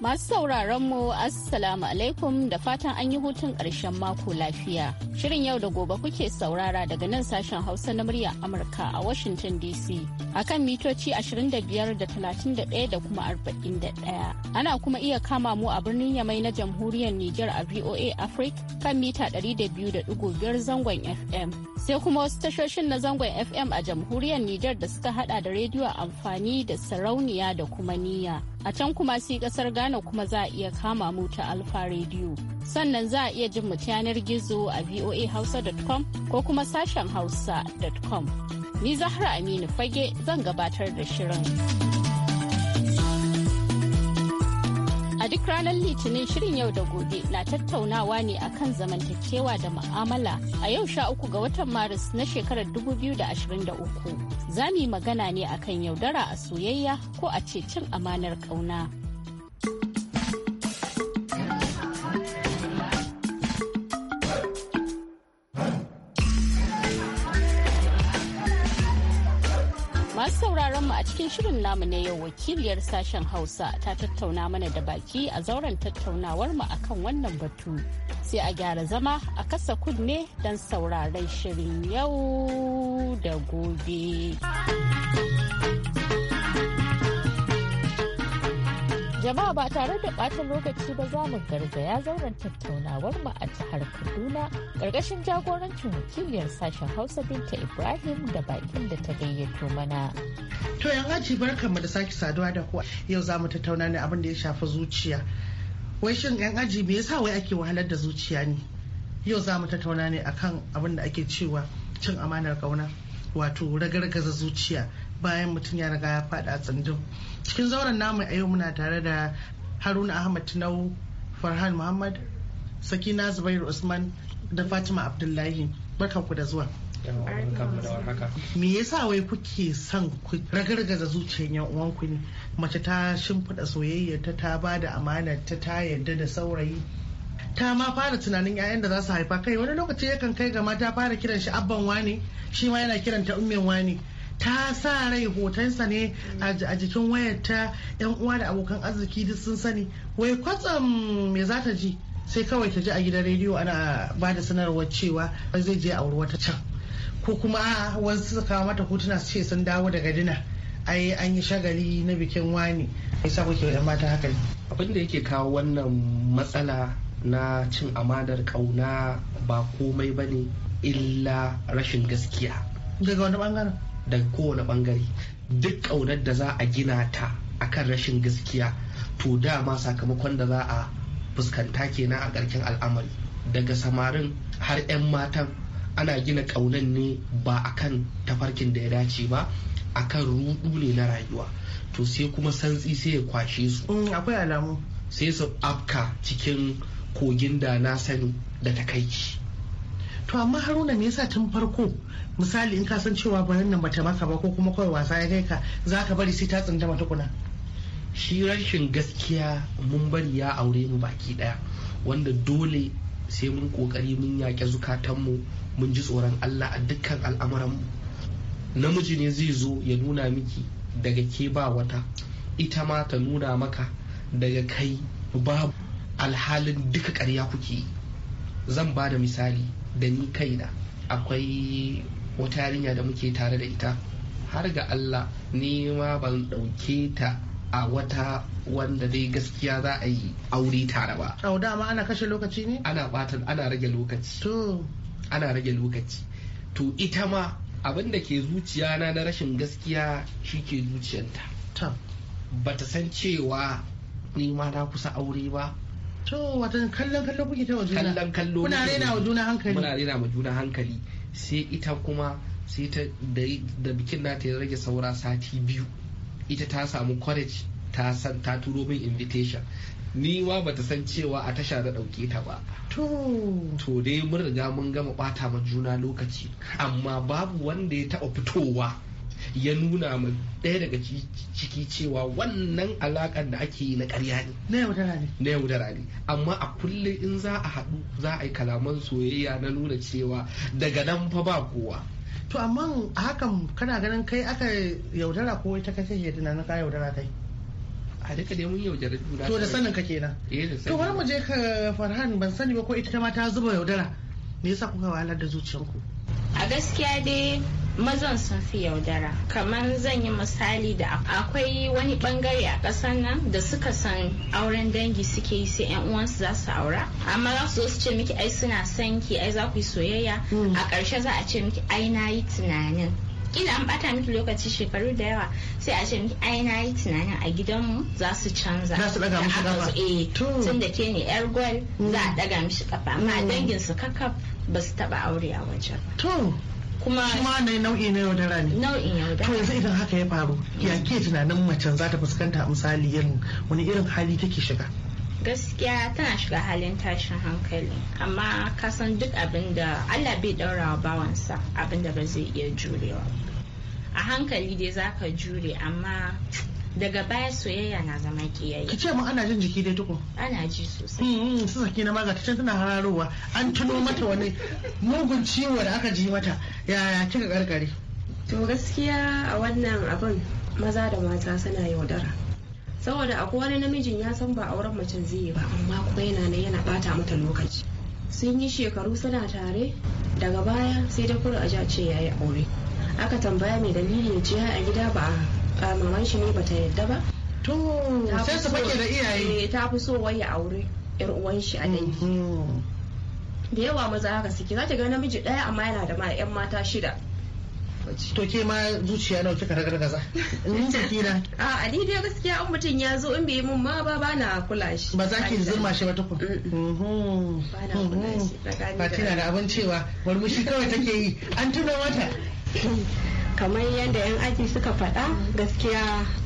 Masu sauraron mu Assalamu alaikum da fatan an yi hutun ƙarshen mako lafiya. Shirin yau da gobe kuke saurara daga nan sashen Hausa na muryar Amurka a Washington DC akan mitoci 25 da 31 kuma 41. Ana kuma iya kama mu a birnin Yamai na jamhuriyar Nijar a VOA Africa kan mita 200.5 zangon FM. sai kuma wasu tashoshin na zangon fm a jamhuriyar nijar da suka hada da rediyo amfani da sarauniya da kuma niyya a can kuma sai kasar ghana kuma za a iya kama mu ta alfa rediyo sannan za a iya jin mu yanar gizo a voahausa.com ko kuma sashen hausa.com ni zahra aminu fage zan gabatar da shirin. duk ranar Litinin shirin yau da gobe na tattaunawa ne akan zamantakewa da ma'amala a yau sha uku ga watan Maris na shekarar 2023. Za mu yi magana ne akan yaudara a soyayya ko a ce cin amanar kauna. sauraron a cikin shirin namu ne yau wakiliyar sashen Hausa ta tattauna mana da baki a zauren tattaunawar mu akan wannan batu. Sai a gyara zama a kasa kunne don sauraren shirin yau da gobe. Jama'a ba tare da bata lokaci ba za mu garzaya zauren tattaunawar mu a jihar Kaduna ƙarƙashin jagorancin wakiliyar sashen Hausa Binta Ibrahim da bakin da ta gayyato mana. To yan aji barkanmu da sake saduwa da ku yau za mu tattauna ne abin da ya shafi zuciya. Wai shin yan aji me yasa wai ake wahalar da zuciya ne? Yau za mu tattauna ne akan abin da ake cewa cin amanar kauna wato ragargaza zuciya bayan mutum ya riga ya fada tsindin cikin zauren namu a yau muna tare da haruna ahmad tinau farhan muhammad sakina zubairu usman da fatima abdullahi barkanku da zuwa me yasa wai kuke son ku ragargaza zuciyar yan uwanku ne mace ta shimfiɗa soyayya ta ta ba da amana ta ta yarda da saurayi ta ma fara tunanin 'ya'yan da za su haifa kai wani lokaci yakan kai ga mata fara kiran shi abban wane shi ma yana kiranta ummin wane ta sa rai hotonsa ne a jikin wayar ta yan uwa da abokan arziki duk sun sani wai kwatsam me za ta ji sai kawai ta ji a gidan rediyo ana ba da sanarwar cewa zai je a wata can ko kuma wasu su kawo mata hotuna su ce sun dawo daga dina ai an yi shagali na bikin wani yasa kuke yan mata haka abin da yake kawo wannan matsala na cin amadar kauna ba komai bane illa rashin gaskiya daga wani bangaren daga kowane bangare duk ƙaunar da za a gina ta akan rashin gaskiya to dama sakamakon da za a fuskanta kenan a ƙarshen al'amari daga samarin har 'yan matan ana gina ƙaunan ne ba akan tafarkin da ya dace ba akan rudu ne na rayuwa to sai kuma santsi sai ya kwashe su mm, akwai alamu sai su afka cikin kogin da na sani da takaici to amma haruna me yasa tun farko misali in ka san cewa bayan nan bata maka ba ko kuma kawai wasa ya kai ka za ka bari sai ta tsinda kuna shi rashin gaskiya mun bari ya aure mu baki daya wanda dole sai mun kokari mun yaƙe zukatanmu mun ji tsoron Allah a dukkan al'amuranmu namiji ne zai zo ya nuna miki daga ke ba wata ita ma ta nuna maka daga kai babu alhalin duka ƙarya kuke zan ba da misali da ni kaina akwai wata yarinya da muke tare da ita har ga Allah ni ma ban ɗauke ta a wata wanda dai gaskiya za a yi aure tare ba. Au dama ana kashe lokaci ne? Ana batan ana rage lokaci. To. Ana rage lokaci. To ita ma abin da ke zuciya na na rashin gaskiya shi ke zuciyanta. Ta. Bata san cewa ni ma na kusa aure ba to watan kallon kallon kuke ta juna kallon kallo kuna rena wa juna hankali muna rena wa juna hankali sai ita kuma sai ta da bikin nata ya rage saura sati biyu ita ta samu courage ta san ta turo min invitation ni ma bata san cewa a tasha da dauke ta ba to to dai mun riga mun gama bata ma juna lokaci amma babu wanda ya taɓa fitowa ya nuna ma ɗaya daga ciki cewa wannan alaƙar da ake yi na ƙarya ne na yaudara ne na yaudara ne amma a kullum in za a haɗu za a yi kalaman soyayya na nuna cewa daga nan fa ba kowa to amma hakan kana ganin kai aka yaudara ko ita kake ke tunanin ka yaudara kai a duka dai mun yaudara juna to da sanin ka kenan eh, to wani mu je ka farhan ban sani ba ko ita ta ma ta zuba yaudara me yasa kuka wahalar da zuciyarku? a gaskiya dai mazan sun fi yaudara kamar zan yi misali da akwai wani bangare a ƙasar nan da suka san auren dangi suke yi sai yan uwansu za su aura amma za su zo su ce miki ai suna son ki ai za ku yi soyayya mm. a ƙarshe za a ce miki ai na yi tunanin kila an bata miki lokaci shekaru da yawa sai a ce miki ai na yi tunanin a gidanmu za su canza za su daga mishi kafa eh tun da ke ne yar gwal za a daga mm. mishi kafa amma mm. dangin su kakaf ba su taba aure a wajen ba. kuma shi ma ne nau'i na yaudara ne nau'in yaudara to idan haka ya faru ya ke tunanin mace za ta fuskanta misali irin wani irin hali take shiga gaskiya tana shiga halin tashin hankali amma ka san duk abin da allah bai daura wa bawansa abin da ba zai iya jurewa a hankali dai zaka jure amma daga baya soyayya na zama kiyayya ki ce mun ana jin jiki dai tuko ana ji sosai mm, mm, su saki na maza ta tana hararowa an tuno mata wani mugun ciwo da aka ji mata yaya kika karkare to gaskiya a wannan abin maza da mata suna yaudara saboda akwai wani namijin ya san ba auren mace zai yi ba amma kuma yana nan yana bata mata lokaci sun yi shekaru suna tare daga baya sai da kuro a ce yayi aure aka tambaya mai dalili ce a gida ba Ah, maman shi ne bata yadda ba to sai su fake da iyaye eh, ta fi so wai ya aure ƴar uwan shi a dangi mhm. da yawa maza haka suke za ta ga namiji ɗaya amma yana da ma yan mata shida to ke ma zuciya nawa kika ragargaza in sakina kina. a ni gaskiya an mutum ya zo in bai mun ma ba na kula shi ba za ki zurma shi ba tukun mhm. bana kula shi mhm. da abin cewa murmushi kawai take yi an tuna mata kamar yadda 'yan aji suka faɗa gaskiya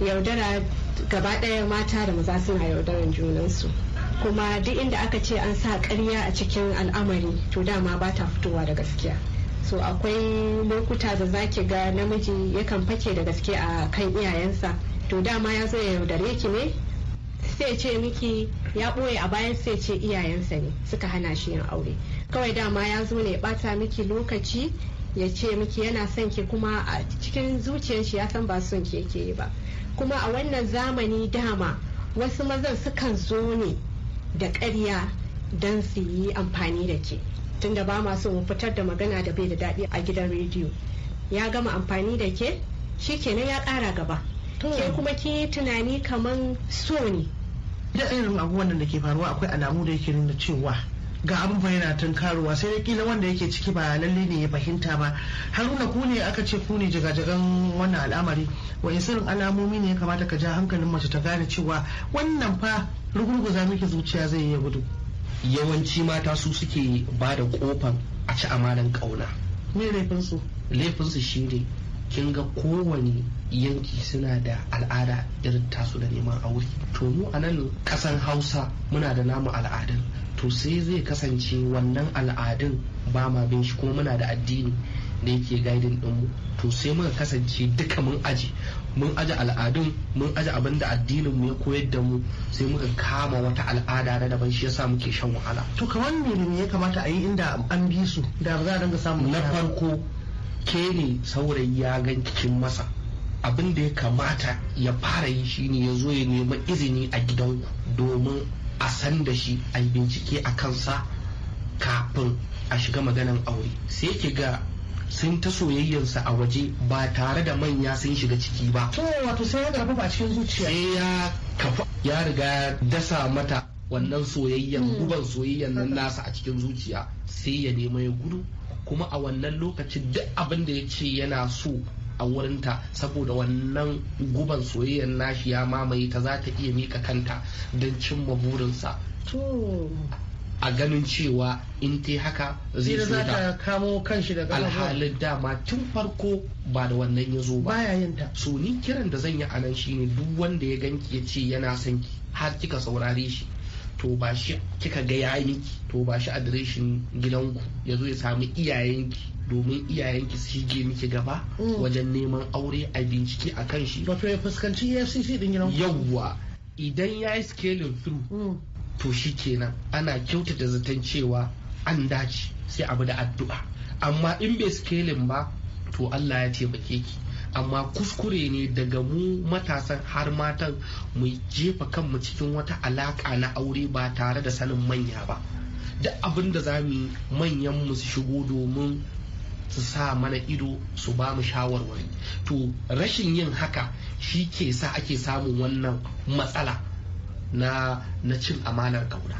yaudara gaba ɗaya mata da maza suna yaudaran junansu kuma duk inda aka ce an sa karya a cikin al'amari to dama ba ta fitowa da gaskiya so akwai lokuta da zaki ga namiji yakan fake da gaske a kan iyayensa to dama ya zo ya yaudare ki ne sai ce miki ya ɓoye a bayan sai ce iyayensa ne suka hana shi yin aure kawai dama ya zo ne ya ɓata miki lokaci ya ce miki yana son ki kuma a cikin zuciyar ya san ba son ki yake yi ba kuma a wannan zamani dama wasu mazan sukan zo ne da karya don su yi amfani da ke tunda ba ma so mu fitar da magana da bai da daɗi a gidan rediyo ya gama amfani da ke kenan ya kara gaba ke kuma ki yi tunani kamar so ne da irin abubuwan da ke faruwa akwai alamu da yake nuna cewa ga abin fa yana tunkarowa sai dai kila wanda yake ciki ba lalle ne ya fahimta ba haruna ku ne aka ce ku ne jagajagan wannan al'amari wa sirrin alamomi ne ya kamata ka ja hankalin mace ta gane cewa wannan fa rugurguza miki zuciya zai iya gudu yawanci mata su suke ba da kofan a ci amalan kauna me laifinsu laifinsu shine kin ga kowane yanki suna da al'ada irin tasu da neman aure to mu a nan kasan hausa muna da namu al'adun to sai zai kasance wannan al'adun ba ma bin shi kuma muna da addini da yake gaidin ɗinmu to sai muka kasance duka mun aji mun aji al'adun mun aji abin da addinin mu ya koyar da mu sai muka kama wata al'ada na daban shi yasa muke shan wahala to kamar ne ya kamata a yi inda an bi su da ba za a dinga samun na farko ke ne saurayi ya gan cikin masa abin da ya kamata ya fara yi shine ya zo ya nemi izini a gidanku domin a san da shi a yi bincike a kansa kafin a shiga maganan aure sai ke ga sun ta soyayyarsa a waje ba tare da manya sun shiga ciki ba to wato sai ya karfafa ba cikin zuciya sai ya kafa ya riga dasa mata wannan soyayyar hmm. guban soyayyar nan nasa a cikin zuciya sai ya nemo ya gudu kuma a wannan lokacin duk abin da ya ce yana so a wurinta saboda wannan guban soyayyar nashi ya mamaye ta za ta iya mika kanta don cimma burinsa a ganin cewa in ta haka zai so ta kamo kanshi da alhalin dama tun farko ba da wannan ya zo ba so ni kiran da zan yi a nan shine duk wanda ya ganki ya ce yana son ki har kika saurare shi to ba shi kika ga ya miki to ba shi adireshin gidanku ya zo ya samu iyayenki domin iyayenki su shige miki gaba mm. wajen neman aure a bincike a kan shi wato ya fuskanci efcc din gidan yawwa idan ya yi scaling through mm. to shi kenan ana kyautata zaton cewa an dace sai abu da addu'a amma in bai scaling ba to allah ya taimake ki amma kuskure ne daga mu matasan har matan mu jefa kanmu cikin wata alaka na aure ba tare da sanin manya ba duk abin da za mu manyan mu su shigo domin su sa mana ido su ba mu shawarwari to rashin yin haka shi ke sa ake samun wannan matsala na na cin amanar kauna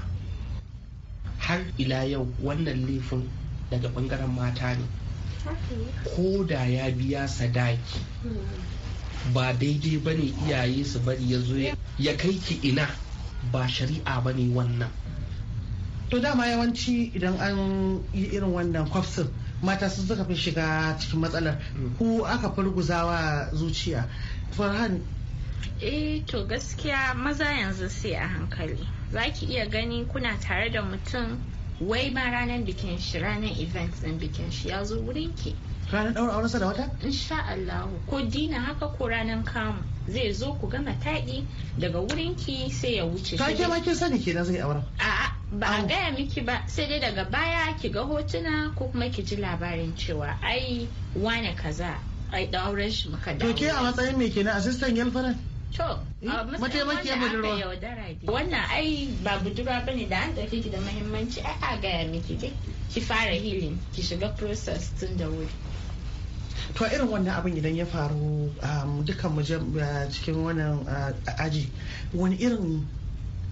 har ila yau wannan laifin daga bangaren mata ne ko da ya biya sadaki ba daidai ba ne iyaye su bari ya zo ya kai ki ina ba shari'a ba ne wannan to dama yawanci idan an yi irin wannan kwafsin mata sun suka fi shiga cikin matsalar mm. ku aka furguzawa zuciya farhan eh to gaskiya maza yanzu sai a hankali zaki iya gani kuna tare da mutum wai ma ranar bikin shi ranar event din bikin shi ya zo wurin ki ranar daura aurensa da wata insha Allah ko dina haka ko ranar kamu zai zo ku gama taɗi daga wurin ki sai ya wuce ta ke ma kin sani kenan zai aura a'a ba a gaya miki ba sai dai daga baya ki ga hotuna ko kuma ki ji labarin cewa ai wane kaza ai dauren shi muka dawo to ke eh, a matsayin me kenan assistant girlfriend to mataimakiyar budurwa wannan ai ba budurwa bane da an dauke ki da muhimmanci ai a gaya miki dai ki fara healing ki shiga process tun da wuri to irin wannan abin idan ya faru um, dukkan mu uh, cikin wannan uh, aji wani irin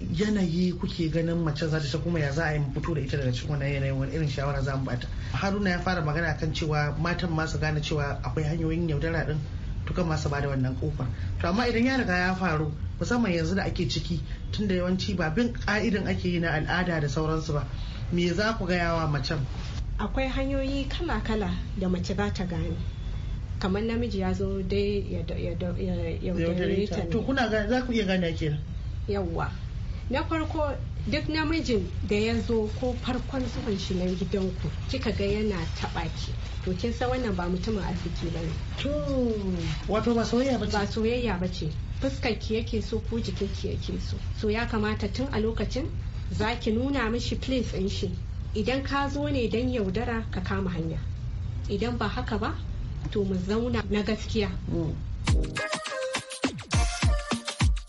yanayi kuke ganin mace za ta ta kuma ya za a yi fito da ita daga cikin wannan yanayin wani irin shawara za mu bata haruna ya fara magana kan cewa matan masu gane cewa akwai hanyoyin yaudara din tukan masu bada wannan kofar to amma idan ya riga ya faru musamman yanzu da ake ciki tunda yawanci ba bin ka'idan ake yi na al'ada da sauransu ba me za ku gaya wa macen akwai hanyoyi kala-kala da mace za ta gane kamar namiji ya zo dai ya yaudare ta to kuna za ku iya gane kenan yawwa na farko duk namijin da ya zo ko farkon zuwan shi nan gidanku kika ga yana taɓa ki to kin san wannan ba mutumin arziki ba ne to wato ba soyayya ba ce ba soyayya ba ce fuskar ki yake so ko jikin ki yake so so ya kamata tun a lokacin za ki nuna mishi place din shi idan ka zo ne dan yaudara ka kama hanya idan ba haka ba to mu zauna na gaskiya mm.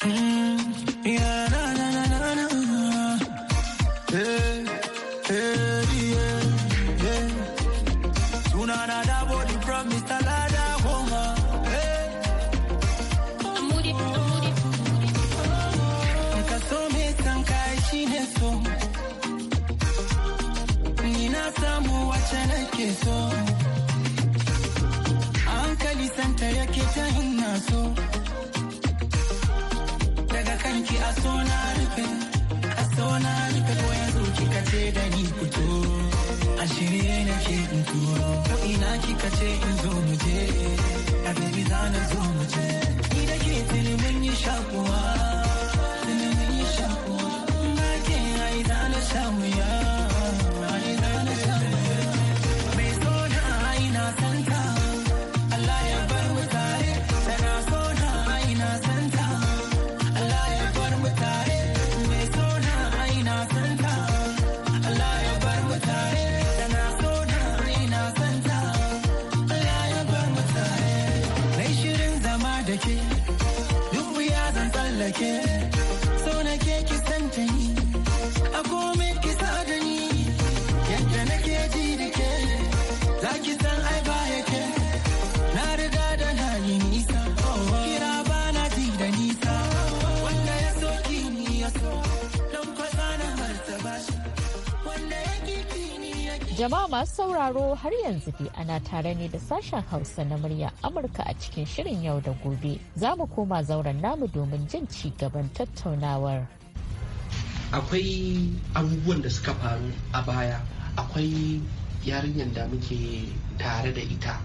mm, yeah, nah, nah. Sunana da body from Mr. Lada Goma. Ka so me san kai shi ne so. Ni na samu wace nake so. Hankali santa yake ta hinna so. Daga kanki a so na rufe. so na nika koya zuci ka ce da ni fito a shirye na ke in turo to ina kika ce in zo mu je a bibi za na zo mu je ni da ke tuni yi shakuwa tuni mun yi shakuwa na ke ai za na sha wuya tsallake Jama'a masu sauraro har yanzu dai ana tare ne da sashen Hausa na murya Amurka a cikin shirin yau da gobe. Za mu koma zauren namu domin jin ci gaban tattaunawar. Akwai abubuwan da suka faru a baya, akwai yarinyar da muke tare da ita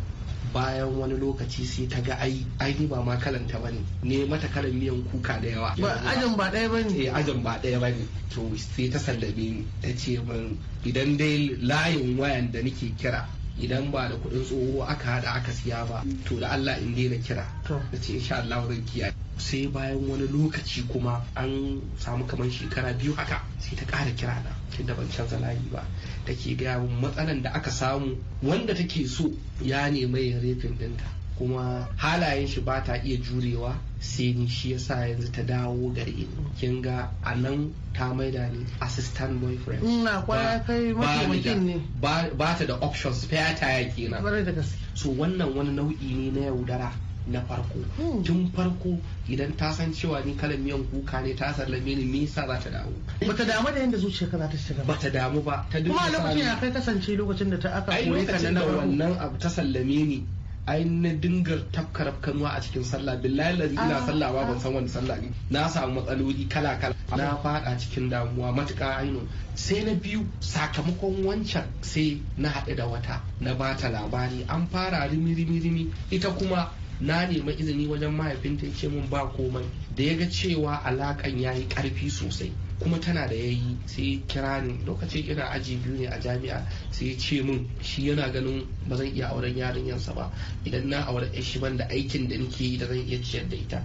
bayan wani lokaci sai ta ga ai ai ba ma kalanta bane ne mata kalan miyan kuka da yawa ba ajin ba ɗaya bane eh ajin ba ɗaya bane to sai ta sallame ta ce min idan dai layin wayan da nake kira idan ba da kuɗin tsoho aka haɗa aka siya ba to da Allah in daina kira na ce insha Allah zan kiyaye sai bayan wani lokaci kuma an samu kamar shekara biyu haka sai ta ƙara kira na da ban canza layi ba take gaya matsalan da aka samu wanda take so ya nemi ya refin ɗinta kuma halayen shi ba ta iya jurewa sai ni shi yasa yanzu ta dawo gare ni kin ga a nan ta maida ni assistant boyfriend mm, na kwaya kai mataimakin ne ba ta da options spare ya kenan so wannan wani nau'i ne na yaudara na farko hmm. tun farko idan ta san cewa ni kalan miyan kuka ne ta sallame ni me yasa za ta dawo Ba ta damu da yadda zuciyarka za ta shiga ta damu ba ta duk kuma lokacin ya kai kasance lokacin da ta aka koyi ka nan wannan abu ta sallame ni ai na dinga tafka a cikin sallah billahi lazi ina ah. sallah ba ban san wani sallah ne na samu matsaloli kala kala na fada cikin damuwa matuka aino sai na biyu sakamakon wancan sai na haɗu da wata na ba ta labari an fara rimi rimi rimi ita kuma na nema izini wajen mahaifinta ya ce min ba komai da ya ga cewa alakan ya yi ƙarfi sosai kuma tana da yayi sai kira ni lokacin ina aji biyu ne a jami'a sai ya ce min shi yana ganin ba zan iya auren yarinyarsa ba idan na aure shi ban da aikin da nake yi da zan iya ciyar da ita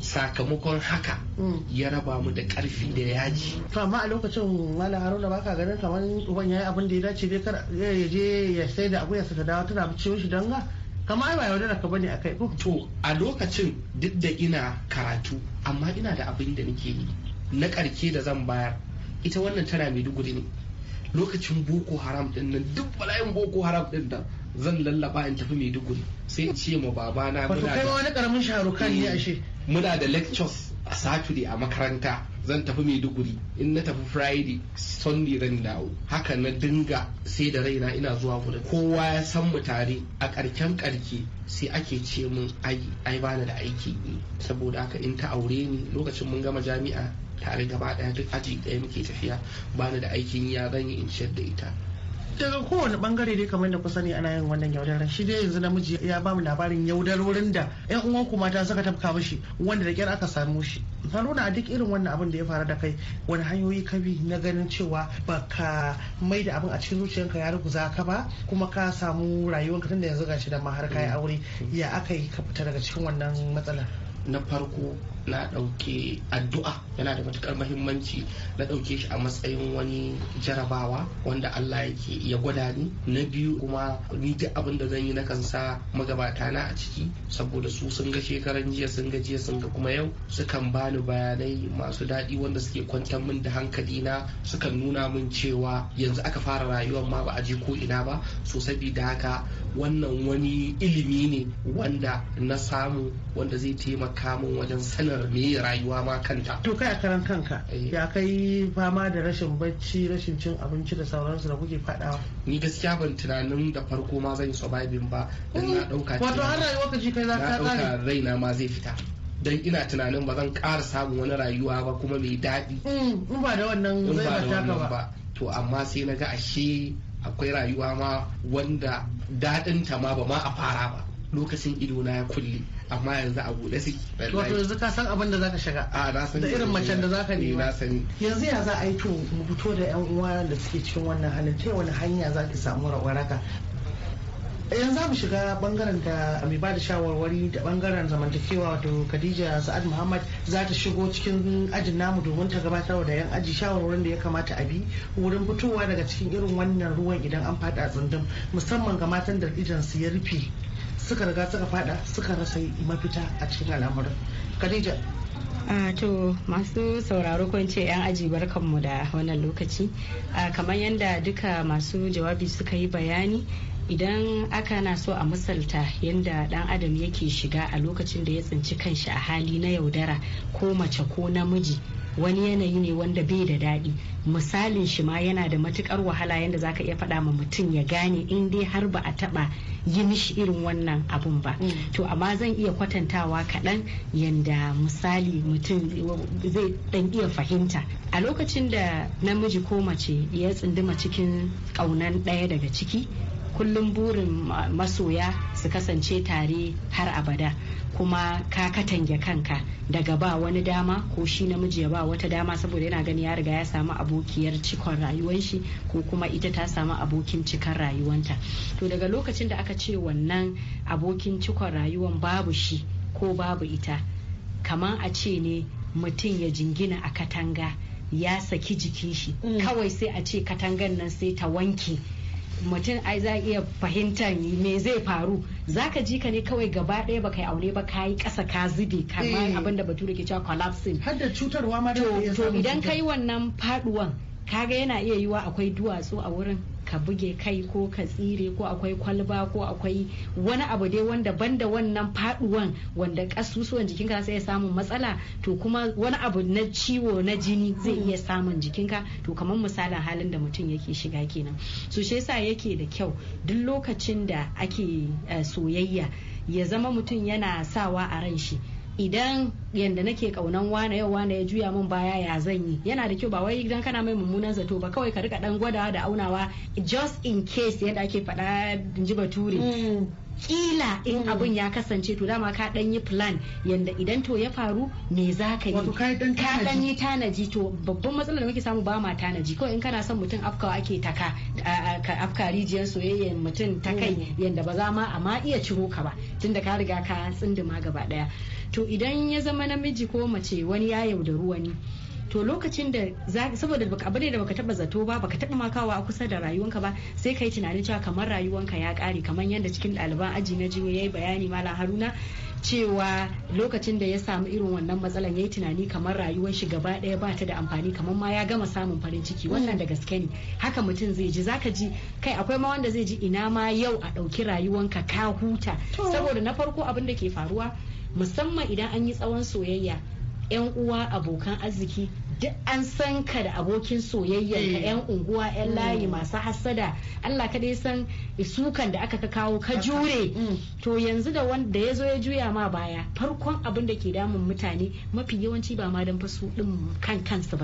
sakamakon haka mm. ya raba mu da karfi da yaji to amma a lokacin mala haruna baka ganin kamar uban yayi abin da ya dace dai kar ya je ya sai da abu ya saka dawa tana ciwo shi ga kamar ba da ka bane akai to a lokacin duk da ina karatu amma ina da abin da nake yi na karke da zan bayar ita wannan tana maiduguri ne lokacin boko haram din nan duk bala'in boko haram din nan zan lallaba in tafi maiduguri sai in ce ma babana na da wani karamin ne ashe hmm. muna da lectures a saturday a makaranta zan tafi maiduguri in na tafi friday sunday zan dawo haka na dinga sai da raina ina zuwa wurin kowa ya san mutane tare a karken karke sai ake ce mun ai ai bani da aiki saboda haka in ta aure ni lokacin mun gama jami'a tare gaba daya duk aji daya muke tafiya bani da aikin ya zan yi in ciyar da ita daga kowane bangare dai kamar da ku sani ana yin wannan yaudarar shi dai yanzu namiji ya ba mu labarin yaudarorin da yan uwan ku mata suka tafka mishi wanda da kyar aka samu shi haruna a duk irin wannan abin da ya faru da kai wani hanyoyi ka bi na ganin cewa baka mai da abin a cikin zuciyarka ya ruguza ka ba kuma ka samu rayuwarka tunda yanzu gashi da ma har kai mm. aure ya aka yi ka fita daga cikin wannan matsalar na farko na ɗauke addu'a yana da matukar mahimmanci na ɗauke shi a matsayin wani jarabawa wanda Allah yake ya gwada ni na biyu kuma ni duk abin da zan yi na sa magabata na a ciki saboda su sun ga shekaran jiya sun ga jiya sun ga kuma yau sukan bani bayanai masu daɗi wanda suke kwantar min da hankali na sukan nuna min cewa yanzu aka fara rayuwar ma ba a je ko ina ba so sabida haka wannan wani ilimi ne wanda na samu wanda zai taimaka min wajen sanin maganar me rayuwa ma kanta to kai a karan kanka eh. ya kai fama da rashin bacci rashin cin abinci da sauransu da kuke fadawa ni gaskiya ban tunanin da farko ma zan yi surviving ba dan na dauka oh, wato har rayuwa ka kai za ka kare na dauka raina ma zai fita don ina tunanin ba zan ƙara samun wani rayuwa ba kuma mai daɗi. Mm, in ba da wannan zai ba ba. To amma sai na ga ashe akwai rayuwa ma wanda daɗinta ma ba ma a fara ba. lokacin ido na ya kulle amma yanzu a bude su wato yanzu ka san abin da zaka shiga a da irin macen da zaka eh, nema yanzu ya za a yi to mu fito da yan uwa da suke cikin wannan halin ta wani hanya za ki samu waraka yanzu za mu shiga bangaren da mai ba da shawarwari da bangaren zamantakewa wato khadija sa'ad muhammad za ta shigo cikin ajin namu domin ta gabatar da yan aji shawarwarin da ya kamata a bi wurin fitowa daga cikin irin wannan ruwan idan an fada tsundum musamman ga matan da idan su ya rufe suka riga suka fada suka rasa mafita a cikin al'amuran khadija Uh, to masu sauraro ko ce 'yan aji barkanmu da wannan lokaci uh, kamar yadda duka masu jawabi suka yi bayani idan aka na so a misalta yadda dan adam yake shiga a lokacin da ya tsinci kanshi a hali na yaudara ko mace ko namiji wani yanayi ne wanda bai da daɗi misalin shi ma yana da matukar wahala yadda zaka iya faɗa ma mutum ya gane in dai har ba a taɓa yi mishi irin wannan abun ba mm. to amma zan iya kwatantawa kaɗan yadda misali mutum zai ɗan iya fahimta a lokacin da namiji ko mace ya tsinduma cikin ƙaunan ɗaya daga ciki kullum burin masoya su kasance tare har abada kuma ka katange kanka daga ba wani dama ko shi namiji ya ba wata dama saboda yana gani ya riga ya samu abokiyar cikon rayuwar shi ko kuma ita ta samu abokin cikon rayuwanta to daga lokacin da aka ce wannan abokin cikon rayuwan babu shi ko babu ita kamar a ce ne mutum ya jingina a katanga ya saki jikin shi mm. kawai sai a ce katangan nan sai ta wanke mutum ai za iya fahimtar me zai faru zaka ji ka ne kawai gaba ɗaya baka yi aure ba ka yi ƙasa ka zube kamar eh. abin da bature ke cewa collapsing har da cutarwa ma da to idan ka wannan faduwan kaga yana iya yiwa akwai duwatsu a wurin ka buge kai ko ka tsire ko akwai kwalba ko akwai wani abu dai wanda banda wannan faduwan wanda kasusuwan jikinka sai ya samu matsala to kuma wani abu na ciwo na jini zai iya samun jikinka to kamar misalin halin da mutum yake shiga kenan so shi yasa yake da kyau duk lokacin da ake eh, soyayya ya zama mutum yana sawa a ran shi idan yadda nake kaunan wane yau wane ya juya min baya ya zan yi yana da kyau ba wai idan kana mai mummunan zato ba kawai ka rika dan gwadawa da aunawa just in case yadda ake faɗa in ji bature mm. kila in mm. abun ya kasance to dama ka dan yi plan yanda idan to ya faru me za ka yi wato ka dan yi tanaji to babban matsalar da muke samu ba ma tanaji kawai in kana son mutum afkawa ake taka afka rijiyar soyayyar mutum ta kai mm. yanda ba za ma a ma iya ciro ka ba tunda ka riga ka tsinduma gaba daya to idan ya zama namiji ko mace wani ya yaudaru wani to lokacin da saboda baka abu ne da baka taba zato ba baka taba makawa a kusa da rayuwanka ba sai kai tunanin cewa kamar rayuwanka ya kare kamar yadda cikin ɗaliban aji na ya yi bayani malam Haruna cewa lokacin da ya samu irin wannan matsalar ya yi tunani kamar rayuwar shi gaba ɗaya ba ta da amfani kamar ma ya gama samun farin ciki mm. wannan da gaske ne haka mutum zai ji zaka ji kai akwai ma wanda zai ji ina ma yau a ɗauki rayuwanka ka huta saboda na farko abin da ke faruwa musamman idan an yi tsawon soyayya 'yan uwa abokan arziki duk an san ka da abokin soyayyar ka eh. yan unguwa yan mm. layi masu hassada Allah ka dai san isukan da aka kawo ka jure mm. to yanzu da wanda ya zo ya juya ma baya farkon abin da ke damun mutane mafi yawanci ba ma dan fasu din kan kansu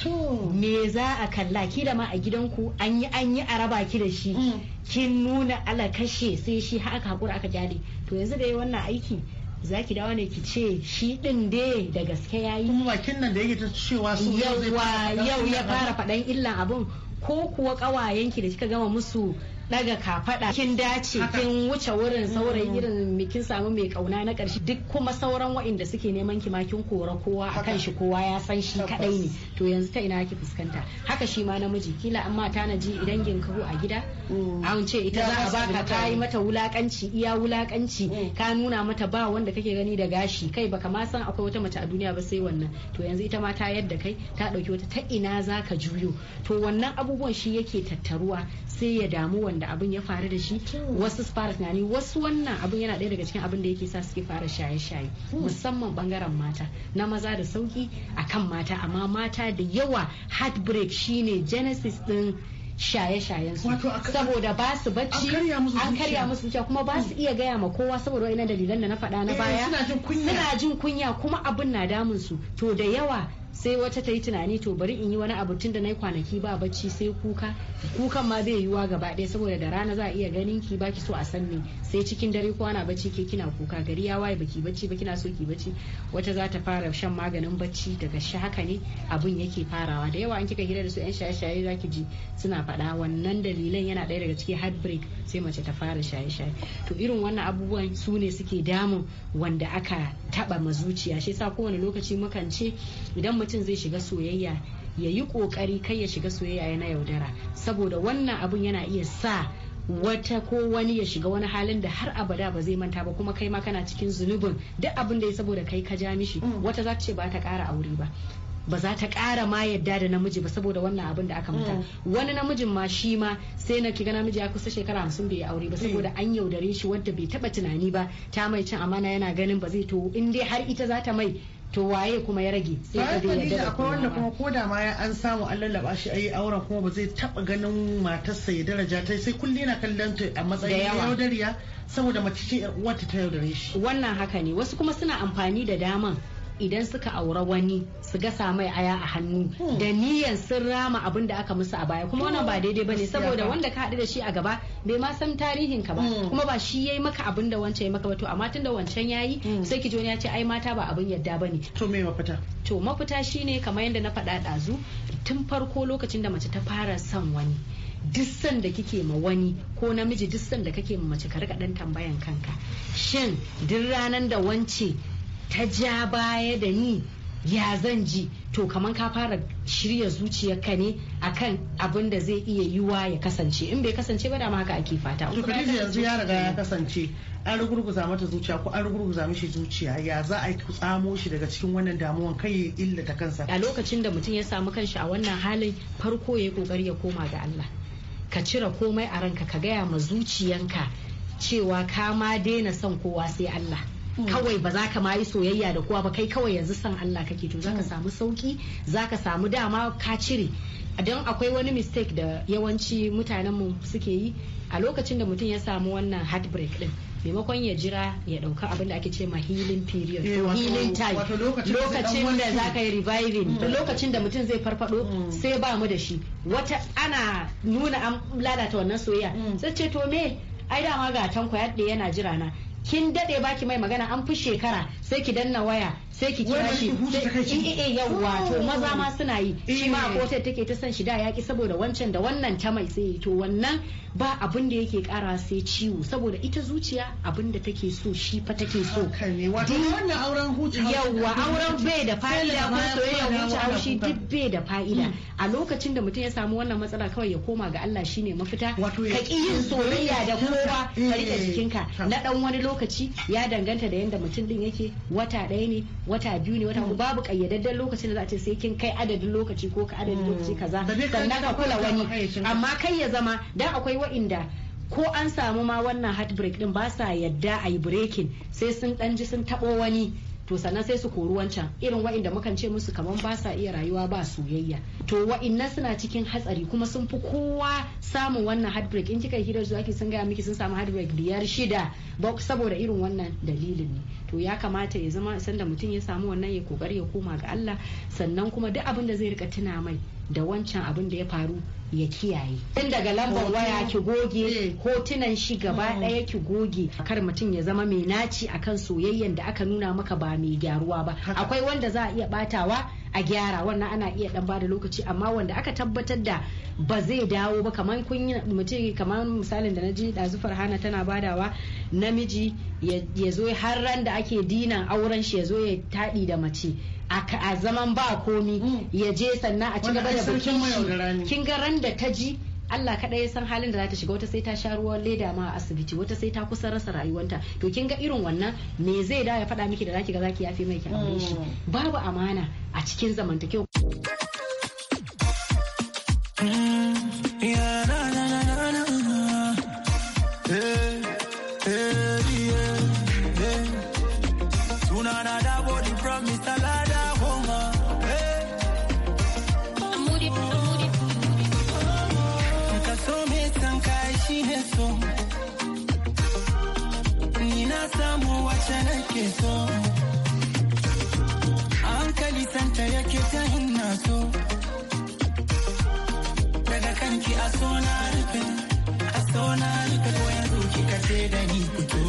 to me za a kalla ki da ma a gidanku an yi an yi araba ki da shi mm. kin nuna ala kashe sai shi haka hakura aka jale to yanzu da wannan aiki za ki dawo ne ki ce shi din dai da gaske ya yi. Kuma bakin nan da yake ta cewa su yau ya fara faɗan illan abun ko kuwa ƙawayenki da kika gama musu daga kafada kin dace kin wuce wurin mm. saurayi irin kin samu mai kauna na karshe duk kuma sauran waɗanda suke neman ki ma kin kora kowa akan shi kowa ya san shi kadai ne to yanzu ta ina ki fuskanta haka shi ma namiji kila amma ta ji idan ginkahu a gida mm. an ce ita za a baka ta yi mata wulakanci iya wulakanci mm. ka nuna mata ba wanda kake gani da gashi kai baka ma san akwai wata mace a duniya ba sai wannan to yanzu ita ma ta yadda kai ta dauki wata ta ina zaka juyo to wannan abubuwan shi yake tattaruwa sai ya damu wanda abin ya faru da shi wasu su fara tunani wasu wannan abin yana ɗaya daga cikin abin da yake sa suke fara shaye-shaye hmm. musamman bangaren mata na maza da sauki akan mata amma mata da yawa heartbreak shine genesis din shaye-shayen saboda ba su bacci an karya musu zuciya kuma ba su hmm. iya gaya ma kowa saboda wa'ina dalilan da na faɗa na eh, baya suna jin kunya kuma abin na damun su to da yawa sai wata ta yi tunani to bari in yi wani abu tun da na yi kwanaki ba bacci sai kuka kukan ma bai yiwuwa gaba ɗaya saboda da rana za a iya ganin ki baki so a san me sai cikin dare ko ana bacci ke kina kuka gari ya waye baki bacci ba kina so ki bacci wata za ta fara shan maganin bacci daga shi haka ne abun yake farawa da yawa an kika hira da su yan shaye-shaye za ki ji suna faɗa wannan dalilan yana ɗaya daga cikin heartbreak sai mace ta fara shaye-shaye to irin wannan abubuwan su ne suke damun wanda aka taɓa ma zuciya shi yasa kowane lokaci mukan ce idan mutum zai shiga soyayya ya yi kokari kai ya shiga soyayya yana yaudara saboda wannan abun yana iya sa wata ko wani ya shiga wani halin da har abada ba zai manta ba kuma kai ma kana cikin zunubin duk abin da ya saboda kai ka ja mishi mm. wata za ta ce ba ta kara aure ba ba za ta ƙara ma yadda da namiji ba saboda wannan abin da aka mata mm. wani namijin ma shi ma sai na kiga namiji ya kusa shekara hamsin bai aure ba mm. saboda an yaudare shi wadda bai taba tunani ba ta mai cin amana yana ganin ba zai to in dai har ita za ta mai to waye kuma ya rage sai ka zai yadda akwai wanda kuma ko da ya an samu an lallaba shi ayi auren kuma ba zai taba ganin matarsa ya daraja ta sai kullu yana kallon ta a matsayin yaudariya saboda mace ce uwarta ta yaudare shi wannan haka ne wasu kuma suna amfani da daman idan suka aura wani su gasa mai aya a hannu hmm. da niyan sun rama abin da aka musu a baya kuma wannan ba hmm. daidai bane saboda wanda ka haɗu da shi a gaba bai ma san tarihin ka ba hmm. kuma ba shi yayi maka abin da wancan ya maka ba to amma tunda wancan yayi sai ki ya ce ai mata ba abin yadda bane to me mafita to mafita shine kamar yadda na faɗa ɗazu tun farko lokacin da mace ta fara son wani duk da kike ma wani ko namiji duk sanda kake ma mace ka rika dan tambayan kanka shin duk ranan da wance ta ja baya da ni ya zan ji to kamar ka fara shirya zuciyarka ne akan abin da zai iya yiwa ya kasance in bai kasance ba da haka ake fata to kadi yanzu ya riga ya kasance an rugurguza mata zuciya ko an rugurguza mishi zuciya ya za a tsamo shi daga cikin wannan damuwan kai ya illata kansa a lokacin da mutum ya samu kanshi a wannan halin farko ya yi kokari ya koma ga Allah ka cire komai a ranka ka gaya ma zuciyanka cewa ka ma daina son kowa sai Allah kawai ba za ka ma yi soyayya da kowa ba kai kawai yanzu san Allah kake to zaka mm. samu sauki zaka samu dama ka cire don akwai wani mistake da yawanci mutanenmu suke yi a lokacin da mutum ya samu wannan heartbreak din maimakon ya jira ya dauka abinda ake ce ma healing period yeah, healing time lokacin da za ka yi reviving da mm. lokacin da mutum zai farfado mm. sai ba mu da shi wata ana nuna an lalata wannan soyayya sai ce to me ai dama ga tanko yadda yana jira na kin dade baki mai magana an fi shekara sai ki danna waya sai ki kira shi eh ee eh, eh, yawwa to oh. maza ma suna yi eh. shi ma kotar take ta san shi da yaki saboda wancan da wannan ta mai sai to wannan ba abin da yake kara sai ciwo saboda ita zuciya abin da take so shi fa take so wannan auren huta yawwa auren bai da fa'ida ko soyayya huce haushi duk bai da fa'ida hmm. a lokacin da mutum ya samu wannan matsala kawai ya koma ga Allah shine mafita ka ki yin soyayya da kowa ka rike jikinka na dan wani lokaci ya danganta da yanda mutum din yake wata ɗaya ne wata biyu ne wata uku babu kayyadadden lokacin da za a ce sai kin kai adadin lokaci ko ka adadin hmm. lokaci kaza sannan ka kula wani amma kai ya zama dan akwai wa'inda ko an samu ma wannan heartbreak din ba sa yadda a yi breaking sai sun dan ji sun taɓo wani to sannan sai su kori wancan irin wa'inda mukan ce musu kaman ba sa iya rayuwa ba soyayya to wa'innan suna cikin hatsari kuma sun fi kowa samun wannan heartbreak in kika hidar zuwa sun gaya miki sun samu heartbreak biyar shida saboda irin wannan dalilin ne to ya kamata ya zama sanda mutum ya samu wannan ya kokari ya koma ga Allah sannan kuma duk abin da zai rika tuna mai da wancan abin da ya faru ya kiyaye tun daga lambar waya ki goge eh. hotunan shi gaba hmm. ɗaya ki goge kar mutum ya zama mai naci akan soyayyen da aka nuna maka ba mai gyaruwa ba akwai wanda za a iya batawa a gyara wannan ana iya dan bada lokaci amma wanda aka tabbatar da ba zai dawo ba kamar kun mutum kamar misalin da na ji dazu farhana tana badawa namiji ya zo har ran da ake dinan auren shi ya zo ya taɗi da mace a zaman ba komi mm. ya je sannan a ci gaba da bikin kin ga ran da ta ji Allah kaɗai ya san halin da za ta shiga wata sai ta sha ruwan leda ma a asibiti wata sai ta kusa rasa rayuwanta to kin ga irin wannan me zai da ya faɗa miki da zaki ga zaki yafi mai ki aure shi mm. babu amana a cikin zamantakewa mm, nake so hankali santa yake ta hinna so daga kanki a so na rufe a so na rufe ko yanzu kika ce da ni fito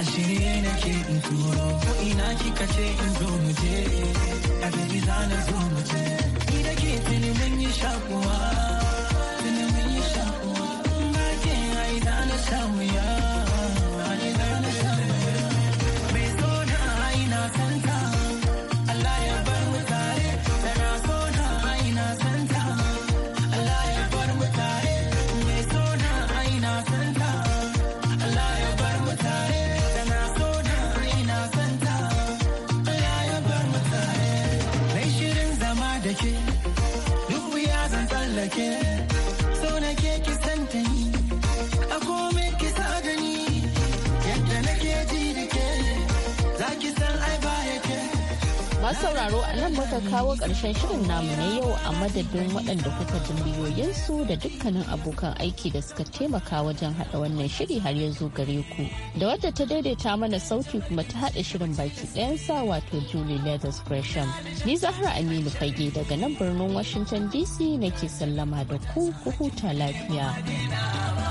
a shirye ke in turo ko ina kika ce in zo mu je a gari za na zo mu je ni da ke tuni mun yi shakuwa tuni mun yi shakuwa ba ke ai za na sha da ke duk wuya zan tsallake Masu sauraro a nan muka kawo ƙarshen shirin namu na yau a madadin waɗanda kuka jin biyoyinsu da dukkanin abokan aiki da suka taimaka wajen haɗa wannan shiri har ya zo gare ku. Da wadda ta daidaita mana sauti kuma ta haɗa shirin baki ɗayansa wato Julie Leathers Gresham. Ni Zahra Aminu Fage daga nan birnin Washington DC nake sallama da ku ku huta lafiya.